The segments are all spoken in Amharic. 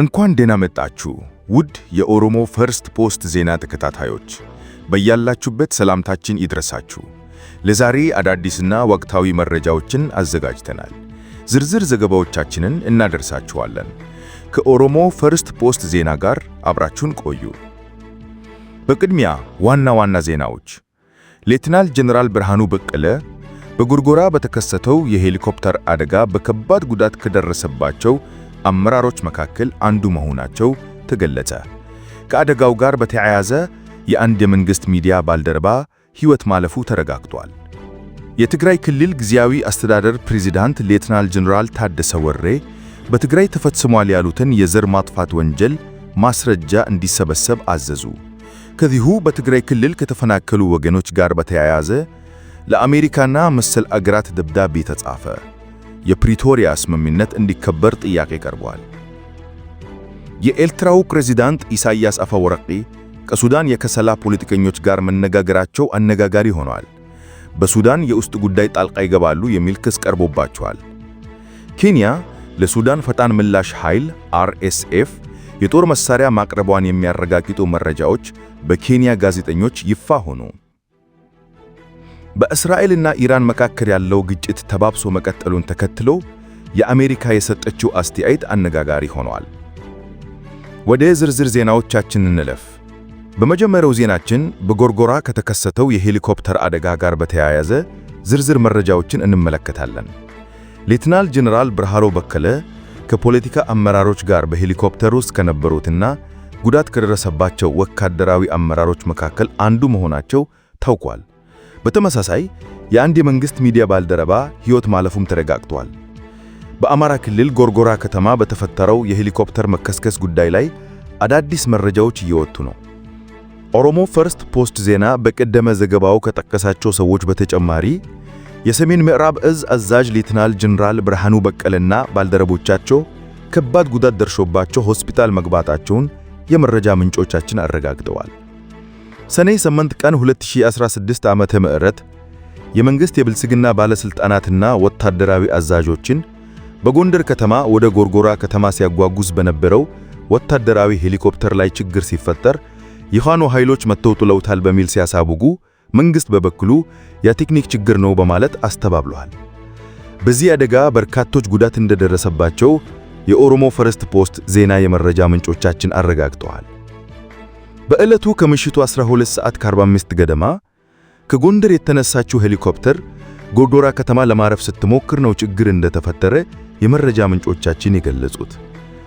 እንኳን ደህና መጣችሁ ውድ የኦሮሞ ፈርስት ፖስት ዜና ተከታታዮች፣ በያላችሁበት ሰላምታችን ይድረሳችሁ። ለዛሬ አዳዲስና ወቅታዊ መረጃዎችን አዘጋጅተናል። ዝርዝር ዘገባዎቻችንን እናደርሳችኋለን። ከኦሮሞ ፈርስት ፖስት ዜና ጋር አብራችሁን ቆዩ። በቅድሚያ ዋና ዋና ዜናዎች ሌትናል ጀነራል ብርሃኑ በቀለ በጎርጎራ በተከሰተው የሄሊኮፕተር አደጋ በከባድ ጉዳት ከደረሰባቸው አመራሮች መካከል አንዱ መሆናቸው ተገለጸ። ከአደጋው ጋር በተያያዘ የአንድ የመንግሥት ሚዲያ ባልደረባ ሕይወት ማለፉ ተረጋግቷል። የትግራይ ክልል ጊዜያዊ አስተዳደር ፕሬዝዳንት ሌትናል ጀነራል ታደሰ ወሬ በትግራይ ተፈጽሟል ያሉትን የዘር ማጥፋት ወንጀል ማስረጃ እንዲሰበሰብ አዘዙ። ከዚሁ በትግራይ ክልል ከተፈናቀሉ ወገኖች ጋር በተያያዘ ለአሜሪካና መሰል አገራት ደብዳቤ ተጻፈ። የፕሪቶሪያ ስምምነት እንዲከበር ጥያቄ ቀርቧል። የኤርትራው ፕሬዚዳንት ኢሳያስ አፈወርቂ ከሱዳን የከሰላ ፖለቲከኞች ጋር መነጋገራቸው አነጋጋሪ ሆነዋል። በሱዳን የውስጥ ጉዳይ ጣልቃ ይገባሉ የሚል ክስ ቀርቦባቸዋል። ኬንያ ለሱዳን ፈጣን ምላሽ ኃይል አርኤስኤፍ የጦር መሳሪያ ማቅረቧን የሚያረጋግጡ መረጃዎች በኬንያ ጋዜጠኞች ይፋ ሆኑ። በእስራኤልና ኢራን መካከል ያለው ግጭት ተባብሶ መቀጠሉን ተከትሎ የአሜሪካ የሰጠችው አስተያየት አነጋጋሪ ሆኗል። ወደ ዝርዝር ዜናዎቻችን እንለፍ። በመጀመሪያው ዜናችን በጎርጎራ ከተከሰተው የሄሊኮፕተር አደጋ ጋር በተያያዘ ዝርዝር መረጃዎችን እንመለከታለን። ሌትናል ጀነራል ብርሃሮ በከለ ከፖለቲካ አመራሮች ጋር በሄሊኮፕተር ውስጥ ከነበሩትና ጉዳት ከደረሰባቸው ወታደራዊ አመራሮች መካከል አንዱ መሆናቸው ታውቋል። በተመሳሳይ የአንድ የመንግስት ሚዲያ ባልደረባ ሕይወት ማለፉም ተረጋግጧል። በአማራ ክልል ጎርጎራ ከተማ በተፈጠረው የሄሊኮፕተር መከስከስ ጉዳይ ላይ አዳዲስ መረጃዎች እየወጡ ነው። ኦሮሞ ፈርስት ፖስት ዜና በቀደመ ዘገባው ከጠቀሳቸው ሰዎች በተጨማሪ የሰሜን ምዕራብ እዝ አዛዥ ሌትናል ጀነራል ብርሃኑ በቀለና ባልደረቦቻቸው ከባድ ጉዳት ደርሶባቸው ሆስፒታል መግባታቸውን የመረጃ ምንጮቻችን አረጋግጠዋል። ሰኔ 8 ቀን 2016 ዓመተ ምህረት የመንግስት የብልጽግና ባለስልጣናትና ወታደራዊ አዛዦችን በጎንደር ከተማ ወደ ጎርጎራ ከተማ ሲያጓጉዝ በነበረው ወታደራዊ ሄሊኮፕተር ላይ ችግር ሲፈጠር የፋኖ ኃይሎች መጥተው ጥለውታል በሚል ሲያሳውጉ መንግስት በበኩሉ የቴክኒክ ችግር ነው በማለት አስተባብሏል። በዚህ አደጋ በርካቶች ጉዳት እንደደረሰባቸው የኦሮሞ ፈረስት ፖስት ዜና የመረጃ ምንጮቻችን አረጋግጠዋል። በዕለቱ ከምሽቱ 12 ሰዓት ከ45 ገደማ ከጎንደር የተነሳችው ሄሊኮፕተር ጎዶራ ከተማ ለማረፍ ስትሞክር ነው ችግር እንደተፈጠረ የመረጃ ምንጮቻችን የገለጹት።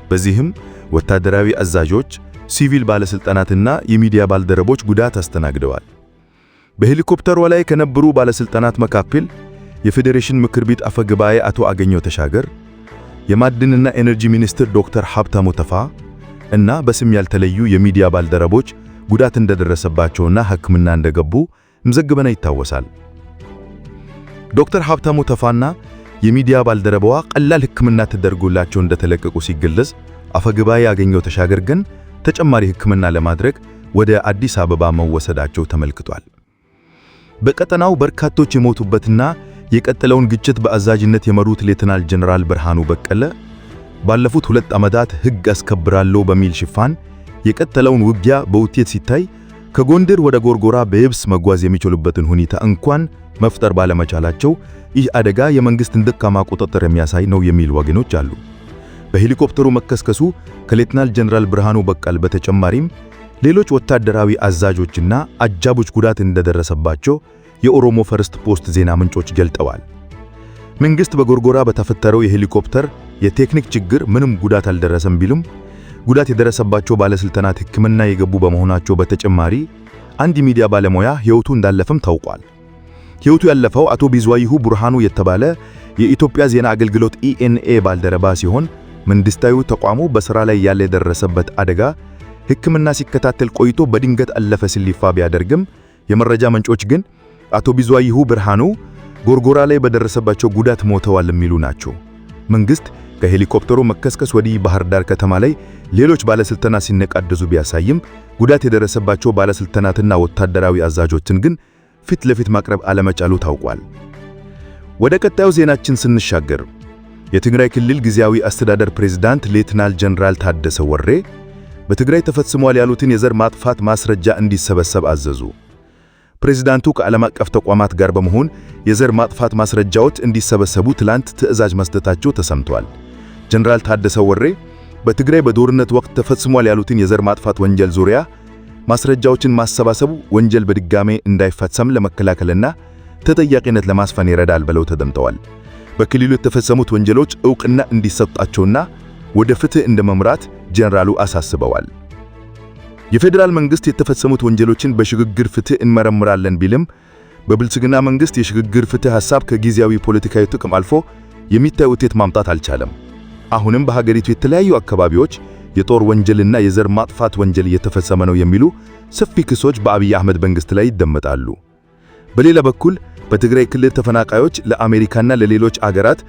በዚህም ወታደራዊ አዛዦች፣ ሲቪል ባለስልጣናትና የሚዲያ ባልደረቦች ጉዳት አስተናግደዋል። በሄሊኮፕተሯ ላይ ከነበሩ ባለስልጣናት መካከል የፌዴሬሽን ምክር ቤት አፈ ጉባኤ አቶ አገኘው ተሻገር፣ የማዕድንና ኤነርጂ ሚኒስትር ዶክተር ሀብታሙ ተፋ እና በስም ያልተለዩ የሚዲያ ባልደረቦች ጉዳት እንደደረሰባቸውና ሕክምና እንደገቡ ምዘግበና ይታወሳል። ዶክተር ሀብታሙ ተፋና የሚዲያ ባልደረባዋ ቀላል ሕክምና ተደርጎላቸው እንደተለቀቁ ሲገለጽ፣ አፈግባኤ ያገኘው ተሻገር ግን ተጨማሪ ሕክምና ለማድረግ ወደ አዲስ አበባ መወሰዳቸው ተመልክቷል። በቀጠናው በርካቶች የሞቱበትና የቀጠለውን ግጭት በአዛዥነት የመሩት ሌተናል ጀነራል ብርሃኑ በቀለ ባለፉት ሁለት ዓመታት ሕግ አስከብራለሁ በሚል ሽፋን የቀጠለውን ውጊያ በውጤት ሲታይ ከጎንደር ወደ ጎርጎራ በየብስ መጓዝ የሚችሉበትን ሁኔታ እንኳን መፍጠር ባለመቻላቸው ይህ አደጋ የመንግስትን ደካማ ቁጥጥር የሚያሳይ ነው የሚል ወገኖች አሉ። በሄሊኮፕተሩ መከስከሱ ከሌትናል ጀነራል ብርሃኑ በቃል በተጨማሪም ሌሎች ወታደራዊ አዛዦችና አጃቦች ጉዳት እንደደረሰባቸው የኦሮሞ ፈርስት ፖስት ዜና ምንጮች ገልጠዋል። መንግስት በጎርጎራ በተፈጠረው የሄሊኮፕተር የቴክኒክ ችግር ምንም ጉዳት አልደረሰም ቢሉም ጉዳት የደረሰባቸው ባለስልጣናት ሕክምና የገቡ በመሆናቸው በተጨማሪ አንድ ሚዲያ ባለሙያ ሕይወቱ እንዳለፈም ታውቋል። ሕይወቱ ያለፈው አቶ ቢዝዋይሁ ቡርሃኑ የተባለ የኢትዮጵያ ዜና አገልግሎት ኢኤንኤ ባልደረባ ሲሆን መንግስታዊ ተቋሙ በሥራ ላይ ያለ የደረሰበት አደጋ ሕክምና ሲከታተል ቆይቶ በድንገት አለፈ ሲል ይፋ ቢያደርግም የመረጃ ምንጮች ግን አቶ ቢዝዋይሁ ብርሃኑ ጎርጎራ ላይ በደረሰባቸው ጉዳት ሞተዋል የሚሉ ናቸው። መንግስት ከሄሊኮፕተሩ መከስከስ ወዲህ ባህር ዳር ከተማ ላይ ሌሎች ባለስልጣናት ሲነቃደዙ ቢያሳይም ጉዳት የደረሰባቸው ባለስልጣናትና ወታደራዊ አዛዦችን ግን ፊት ለፊት ማቅረብ አለመቻሉ ታውቋል። ወደ ቀጣዩ ዜናችን ስንሻገር የትግራይ ክልል ጊዜያዊ አስተዳደር ፕሬዝዳንት ሌትናል ጀነራል ታደሰ ወሬ በትግራይ ተፈጽሟል ያሉትን የዘር ማጥፋት ማስረጃ እንዲሰበሰብ አዘዙ። ፕሬዚዳንቱ ከዓለም አቀፍ ተቋማት ጋር በመሆን የዘር ማጥፋት ማስረጃዎች እንዲሰበሰቡ ትላንት ትዕዛዝ መስጠታቸው ተሰምቷል። ጀነራል ታደሰ ወሬ በትግራይ በጦርነት ወቅት ተፈጽሟል ያሉትን የዘር ማጥፋት ወንጀል ዙሪያ ማስረጃዎችን ማሰባሰቡ ወንጀል በድጋሜ እንዳይፈጸም ለመከላከልና ተጠያቂነት ለማስፈን ይረዳል ብለው ተደምጠዋል። በክልሉ የተፈጸሙት ወንጀሎች ዕውቅና እንዲሰጣቸውና ወደ ፍትህ እንደመምራት ጀነራሉ አሳስበዋል። የፌዴራል መንግስት የተፈጸሙት ወንጀሎችን በሽግግር ፍትህ እንመረምራለን ቢልም በብልጽግና መንግስት የሽግግር ፍትህ ሐሳብ ከጊዜያዊ ፖለቲካዊ ጥቅም አልፎ የሚታይ ውጤት ማምጣት አልቻለም። አሁንም በሀገሪቱ የተለያዩ አካባቢዎች የጦር ወንጀልና የዘር ማጥፋት ወንጀል እየተፈጸመ ነው የሚሉ ሰፊ ክሶች በአብይ አህመድ መንግስት ላይ ይደመጣሉ። በሌላ በኩል በትግራይ ክልል ተፈናቃዮች ለአሜሪካና ለሌሎች አገራት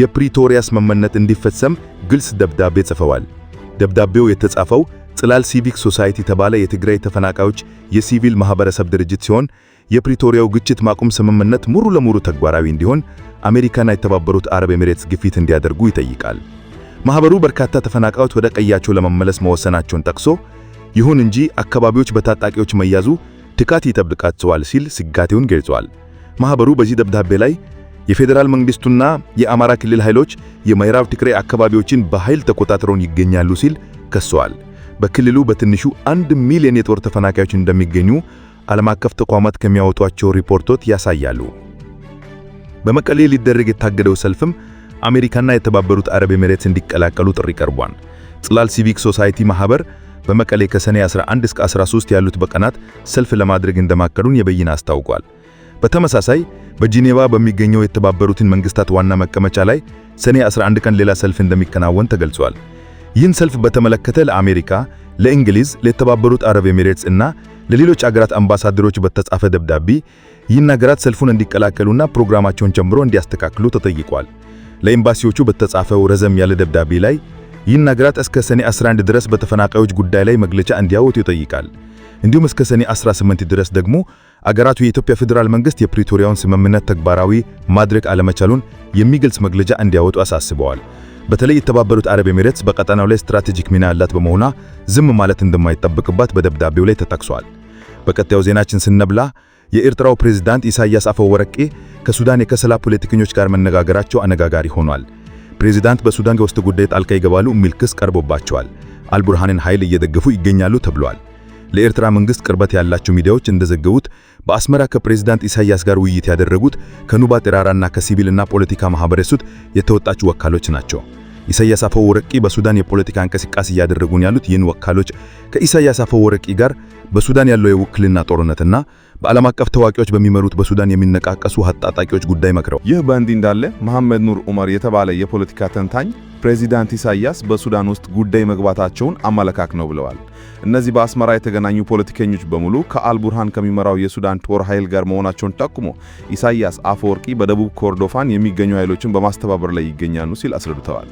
የፕሪቶሪያ ስምምነት እንዲፈጸም ግልጽ ደብዳቤ ጽፈዋል። ደብዳቤው የተጻፈው ጽላል ሲቪክ ሶሳይቲ የተባለ የትግራይ ተፈናቃዮች የሲቪል ማህበረሰብ ድርጅት ሲሆን የፕሪቶሪያው ግጭት ማቆም ስምምነት ሙሉ ለሙሉ ተግባራዊ እንዲሆን አሜሪካና የተባበሩት አረብ ኤሚሬትስ ግፊት እንዲያደርጉ ይጠይቃል። ማህበሩ በርካታ ተፈናቃዮች ወደ ቀያቸው ለመመለስ መወሰናቸውን ጠቅሶ ይሁን እንጂ አካባቢዎች በታጣቂዎች መያዙ ትካት ይጠብቃቸዋል ሲል ስጋቴውን ገልጿል። ማህበሩ በዚህ ደብዳቤ ላይ የፌዴራል መንግስቱና የአማራ ክልል ኃይሎች የምዕራብ ትግራይ አካባቢዎችን በኃይል ተቆጣጥረውን ይገኛሉ ሲል ከሷል። በክልሉ በትንሹ አንድ ሚሊዮን የጦር ተፈናቃዮች እንደሚገኙ ዓለም አቀፍ ተቋማት ከሚያወጧቸው ሪፖርቶች ያሳያሉ። በመቀሌ ሊደረግ የታገደው ሰልፍም አሜሪካና የተባበሩት አረብ ኤሚሬትስ እንዲቀላቀሉ ጥሪ ቀርቧል። ጽላል ሲቪክ ሶሳይቲ ማህበር በመቀሌ ከሰኔ 11 እስከ 13 ያሉት በቀናት ሰልፍ ለማድረግ እንደማቀዱን የበይና አስታውቋል። በተመሳሳይ በጂኔቫ በሚገኘው የተባበሩትን መንግስታት ዋና መቀመጫ ላይ ሰኔ 11 ቀን ሌላ ሰልፍ እንደሚከናወን ተገልጿል። ይህን ሰልፍ በተመለከተ ለአሜሪካ፣ ለእንግሊዝ፣ ለተባበሩት አረብ ኤሚሬትስ እና ለሌሎች አገራት አምባሳደሮች በተጻፈ ደብዳቤ ይህን አገራት ሰልፉን እንዲቀላቀሉና ፕሮግራማቸውን ጨምሮ እንዲያስተካክሉ ተጠይቋል። ለኤምባሲዎቹ በተጻፈው ረዘም ያለ ደብዳቤ ላይ ይህን አገራት እስከ ሰኔ 11 ድረስ በተፈናቃዮች ጉዳይ ላይ መግለጫ እንዲያወጡ ይጠይቃል። እንዲሁም እስከ ሰኔ 18 ድረስ ደግሞ አገራቱ የኢትዮጵያ ፌዴራል መንግስት የፕሪቶሪያውን ስምምነት ተግባራዊ ማድረግ አለመቻሉን የሚገልጽ መግለጫ እንዲያወጡ አሳስበዋል። በተለይ የተባበሩት አረብ ኤሚሬትስ በቀጠናው ላይ ስትራቴጂክ ሚና ያላት በመሆኗ ዝም ማለት እንደማይጠበቅባት በደብዳቤው ላይ ተጠቅሷል። በቀጣዩ ዜናችን ስነብላ የኤርትራው ፕሬዝዳንት ኢሳያስ አፈወርቂ ከሱዳን የከሰላ ፖለቲከኞች ጋር መነጋገራቸው አነጋጋሪ ሆኗል። ፕሬዝዳንት በሱዳን የውስጥ ጉዳይ ጣልቃ ይገባሉ የሚል ክስ ቀርቦባቸዋል። አልቡርሃንን ኃይል እየደገፉ ይገኛሉ ተብሏል። ለኤርትራ መንግስት ቅርበት ያላቸው ሚዲያዎች እንደዘገቡት በአስመራ ከፕሬዝዳንት ኢሳያስ ጋር ውይይት ያደረጉት ከኑባ ጤራራና ከሲቪልና ፖለቲካ ማህበረሰብ የተወጣጩ ወካሎች ናቸው። ኢሳያስ አፈወርቂ በሱዳን የፖለቲካ እንቅስቃሴ እያደረጉን ያሉት ይህን ወካሎች ከኢሳያስ አፈወርቂ ጋር በሱዳን ያለው የውክልና ጦርነትና በዓለም አቀፍ ታዋቂዎች በሚመሩት በሱዳን የሚነቃቀሱ አጣጣቂዎች ጉዳይ መክረው። ይህ በእንዲህ እንዳለ መሐመድ ኑር ዑመር የተባለ የፖለቲካ ተንታኝ ፕሬዚዳንት ኢሳያስ በሱዳን ውስጥ ጉዳይ መግባታቸውን አመለካክ ነው ብለዋል። እነዚህ በአስመራ የተገናኙ ፖለቲከኞች በሙሉ ከአልቡርሃን ከሚመራው የሱዳን ጦር ኃይል ጋር መሆናቸውን ጠቁሞ ኢሳያስ አፈወርቂ በደቡብ ኮርዶፋን የሚገኙ ኃይሎችን በማስተባበር ላይ ይገኛሉ ሲል አስረድተዋል።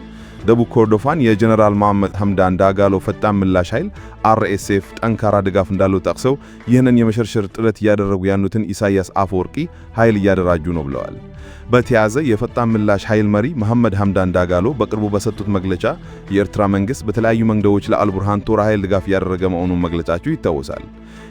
ደቡብ ኮርዶፋን የጀነራል መሐመድ ሐምዳን ዳጋሎ ፈጣን ምላሽ ኃይል አርኤስኤፍ ጠንካራ ድጋፍ እንዳለው ጠቅሰው ይህንን የመሸርሸር ጥረት እያደረጉ ያኑትን ኢሳያስ አፈወርቂ ኃይል እያደራጁ ነው ብለዋል። በተያዘ የፈጣን ምላሽ ኃይል መሪ መሐመድ ሐምዳን ዳጋሎ በቅርቡ በሰጡት መግለጫ የኤርትራ መንግሥት በተለያዩ መንገዶች ለአልቡርሃን ቶር ኃይል ድጋፍ እያደረገ መሆኑን መግለጫቸው ይታወሳል።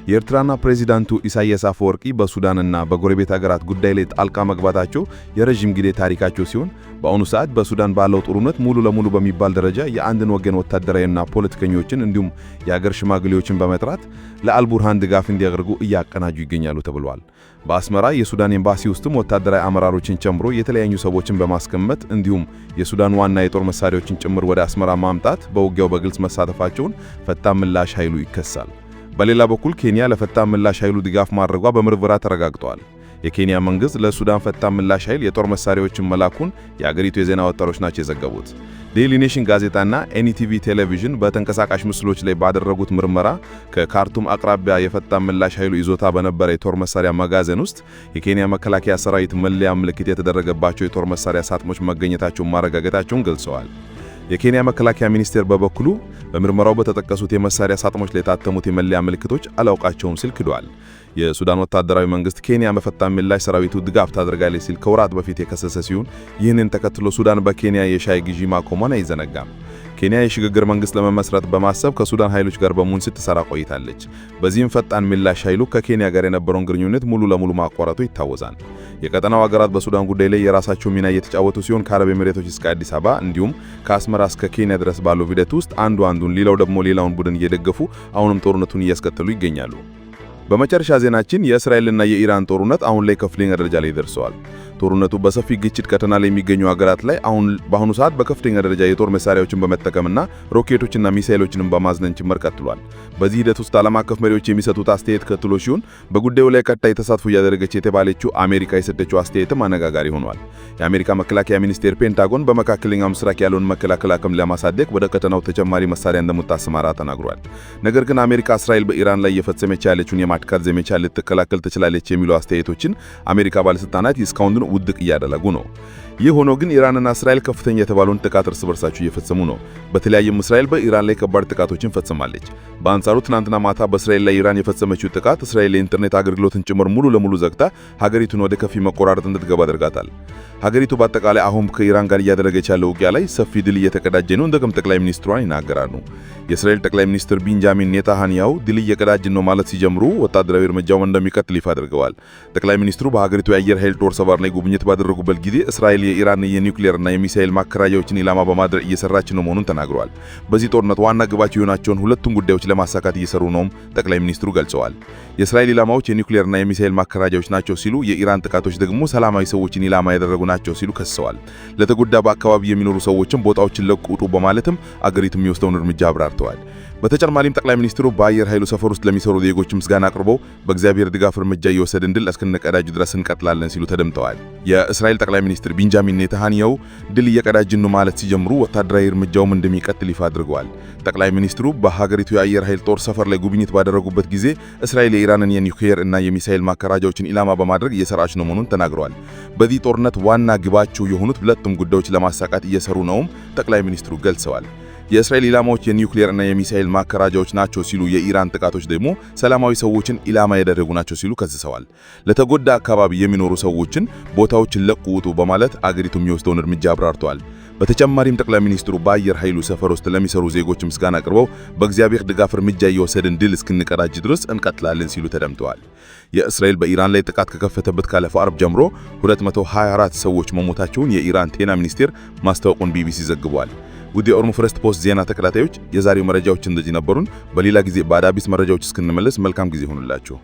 የኤርትራና ፕሬዚዳንቱ ኢሳያስ አፈወርቂ በሱዳንና በጎረቤት ሀገራት ጉዳይ ላይ ጣልቃ መግባታቸው የረዥም ጊዜ ታሪካቸው ሲሆን በአሁኑ ሰዓት በሱዳን ባለው ጦርነት ሙሉ በሙሉ በሚባል ደረጃ የአንድን ወገን ወታደራዊና ፖለቲከኞችን እንዲሁም የአገር ሽማግሌዎችን በመጥራት ለአልቡርሃን ድጋፍ እንዲያደርጉ እያቀናጁ ይገኛሉ ተብሏል። በአስመራ የሱዳን ኤምባሲ ውስጥም ወታደራዊ አመራሮችን ጨምሮ የተለያዩ ሰዎችን በማስቀመጥ እንዲሁም የሱዳን ዋና የጦር መሳሪያዎችን ጭምር ወደ አስመራ ማምጣት በውጊያው በግልጽ መሳተፋቸውን ፈጣን ምላሽ ኃይሉ ይከሳል። በሌላ በኩል ኬንያ ለፈጣን ምላሽ ኃይሉ ድጋፍ ማድረጓ በምርመራ ተረጋግጧል። የኬንያ መንግሥት ለሱዳን ፈጣን ምላሽ ኃይል የጦር መሳሪያዎችን መላኩን የአገሪቱ የዜና ወታደሮች ናቸው የዘገቡት። ዴይሊ ኔሽን ጋዜጣና ኤንቲቪ ቴሌቪዥን በተንቀሳቃሽ ምስሎች ላይ ባደረጉት ምርመራ ከካርቱም አቅራቢያ የፈጣን ምላሽ ኃይሉ ይዞታ በነበረ የጦር መሳሪያ መጋዘን ውስጥ የኬንያ መከላከያ ሰራዊት መለያ ምልክት የተደረገባቸው የጦር መሳሪያ ሳጥኖች መገኘታቸውን ማረጋገጣቸውን ገልጸዋል። የኬንያ መከላከያ ሚኒስቴር በበኩሉ በምርመራው በተጠቀሱት የመሳሪያ ሳጥኖች ላይ የታተሙት የመለያ ምልክቶች አላውቃቸውም ሲል ክዷል። የሱዳን ወታደራዊ መንግስት ኬንያ በፈጣን ምላሽ ሰራዊቱ ድጋፍ ታደርጋለች ሲል ከወራት በፊት የከሰሰ ሲሆን ይህንን ተከትሎ ሱዳን በኬንያ የሻይ ግዢ ማቆሟን አይዘነጋም። ኬንያ የሽግግር መንግስት ለመመስረት በማሰብ ከሱዳን ኃይሎች ጋር በመሆን ስትሰራ ቆይታለች። በዚህም ፈጣን ምላሽ ኃይሉ ከኬንያ ጋር የነበረውን ግንኙነት ሙሉ ለሙሉ ማቋረጡ ይታወሳል። የቀጠናው ሀገራት በሱዳን ጉዳይ ላይ የራሳቸው ሚና እየተጫወቱ ሲሆን ከአረብ ኤምሬቶች እስከ አዲስ አበባ እንዲሁም ከአስመራ እስከ ኬንያ ድረስ ባለው ሂደት ውስጥ አንዱ አንዱን ሌላው ደግሞ ሌላውን ቡድን እየደገፉ አሁንም ጦርነቱን እያስከተሉ ይገኛሉ። በመጨረሻ ዜናችን የእስራኤልና የኢራን ጦርነት አሁን ላይ ከፍተኛ ደረጃ ላይ ደርሰዋል። ጦርነቱ በሰፊ ግጭት ቀጠና ላይ የሚገኙ ሀገራት ላይ አሁን በአሁኑ ሰዓት በከፍተኛ ደረጃ የጦር መሳሪያዎችን በመጠቀምና ሮኬቶችና ሚሳይሎችንም በማዝነን ጭምር ቀጥሏል። በዚህ ሂደት ውስጥ ዓለም አቀፍ መሪዎች የሚሰጡት አስተያየት ከትሎ ሲሆን በጉዳዩ ላይ ቀጣይ ተሳትፎ እያደረገች የተባለችው አሜሪካ የሰጠችው አስተያየትም አነጋጋሪ ሆኗል። የአሜሪካ መከላከያ ሚኒስቴር ፔንታጎን በመካከለኛ ምስራቅ ያለውን መከላከል አቅም ለማሳደግ ወደ ቀጠናው ተጨማሪ መሳሪያ እንደምታሰማራ ተናግሯል። ነገር ግን አሜሪካ እስራኤል በኢራን ላይ እየፈጸመች ያለችውን የማጥቃት ዘመቻ ልትከላከል ትችላለች የሚሉ አስተያየቶችን አሜሪካ ባለስልጣናት እስካሁን ውድቅ እያደረጉ ነው። ይህ ሆኖ ግን ኢራንና እስራኤል ከፍተኛ የተባለውን ጥቃት እርስ በርሳቸው እየፈጸሙ ነው። በተለያየም እስራኤል በኢራን ላይ ከባድ ጥቃቶችን ፈጽማለች። በአንጻሩ ትናንትና ማታ በእስራኤል ላይ ኢራን የፈጸመችው ጥቃት እስራኤል የኢንተርኔት አገልግሎትን ጭምር ሙሉ ለሙሉ ዘግታ ሀገሪቱን ወደ ከፊ መቆራረጥ እንድትገባ አድርጋታል። ሀገሪቱ በአጠቃላይ አሁን ከኢራን ጋር እያደረገች ያለው ውጊያ ላይ ሰፊ ድል እየተቀዳጀ ነው፣ ቅም ጠቅላይ ሚኒስትሯን ይናገራሉ። የእስራኤል ጠቅላይ ሚኒስትር ቢንጃሚን ኔታንያሁ ድል እየቀዳጅ ነው ማለት ሲጀምሩ ወታደራዊ እርምጃውን እንደሚቀጥል ይፋ አድርገዋል። ጠቅላይ ሚኒስትሩ በሀገሪቱ የአየር ኃይል ጦር ሰባር ላይ ጉብኝት ባደረጉበት ጊዜ እስራኤል የኢራን የኒውክሌርና የሚሳኤል ማከራያዎችን ኢላማ በማድረግ እየሰራች ነው መሆኑን ተናግረዋል። በዚህ ጦርነት ዋና ግባቸው የሆናቸውን ሁለቱም ጉዳዮች ለማሳካት እየሰሩ ነውም ጠቅላይ ሚኒስትሩ ገልጸዋል። የእስራኤል ኢላማዎች የኒውክሌርና የሚሳኤል ማከራያዎች ናቸው ሲሉ፣ የኢራን ጥቃቶች ደግሞ ሰላማዊ ሰዎችን ኢላማ ያደረጉ ናቸው ሲሉ ከስሰዋል ለተጎዳ በአካባቢ የሚኖሩ ሰዎችም ቦታዎችን ለቁጡ በማለትም አገሪቱ የሚወስደውን እርምጃ አብራርተዋል። በተጨማሪም ጠቅላይ ሚኒስትሩ በአየር ኃይሉ ሰፈር ውስጥ ለሚሰሩ ዜጎች ምስጋና አቅርቦ በእግዚአብሔር ድጋፍ እርምጃ እየወሰድ እንድል እስክንቀዳጅ ድረስ እንቀጥላለን ሲሉ ተደምጠዋል። የእስራኤል ጠቅላይ ሚኒስትር ቢንጃሚን ኔታንያሁ ድል እየቀዳጅኑ ማለት ሲጀምሩ ወታደራዊ እርምጃውም እንደሚቀጥል ይፋ አድርገዋል። ጠቅላይ ሚኒስትሩ በሀገሪቱ የአየር ኃይል ጦር ሰፈር ላይ ጉብኝት ባደረጉበት ጊዜ እስራኤል የኢራንን የኒውክሌር እና የሚሳኤል ማከራጃዎችን ኢላማ በማድረግ እየሰራች ነው መሆኑን ተናግረዋል። በዚህ ጦርነት ዋና ግባቸው የሆኑት ሁለቱም ጉዳዮች ለማሳካት እየሰሩ ነውም ጠቅላይ ሚኒስትሩ ገልጸዋል። የእስራኤል ኢላማዎች የኒውክሌር እና የሚሳኤል ማከራጃዎች ናቸው ሲሉ፣ የኢራን ጥቃቶች ደግሞ ሰላማዊ ሰዎችን ኢላማ ያደረጉ ናቸው ሲሉ ከስሰዋል። ለተጎዳ አካባቢ የሚኖሩ ሰዎችን ቦታዎችን ለቁ ውጡ በማለት አገሪቱ የሚወስደውን እርምጃ አብራርተዋል። በተጨማሪም ጠቅላይ ሚኒስትሩ በአየር ኃይሉ ሰፈር ውስጥ ለሚሰሩ ዜጎች ምስጋና አቅርበው በእግዚአብሔር ድጋፍ እርምጃ እየወሰድን ድል እስክንቀዳጅ ድረስ እንቀጥላለን ሲሉ ተደምጠዋል። የእስራኤል በኢራን ላይ ጥቃት ከከፈተበት ካለፈው አርብ ጀምሮ 224 ሰዎች መሞታቸውን የኢራን ጤና ሚኒስቴር ማስታወቁን ቢቢሲ ዘግቧል። ውድ የኦሮሞ ፈርስት ፖስት ዜና ተከታታዮች የዛሬው መረጃዎች እንደዚህ ነበሩን። በሌላ ጊዜ በአዳዲስ መረጃዎች እስክንመለስ መልካም ጊዜ ይሁንላችሁ።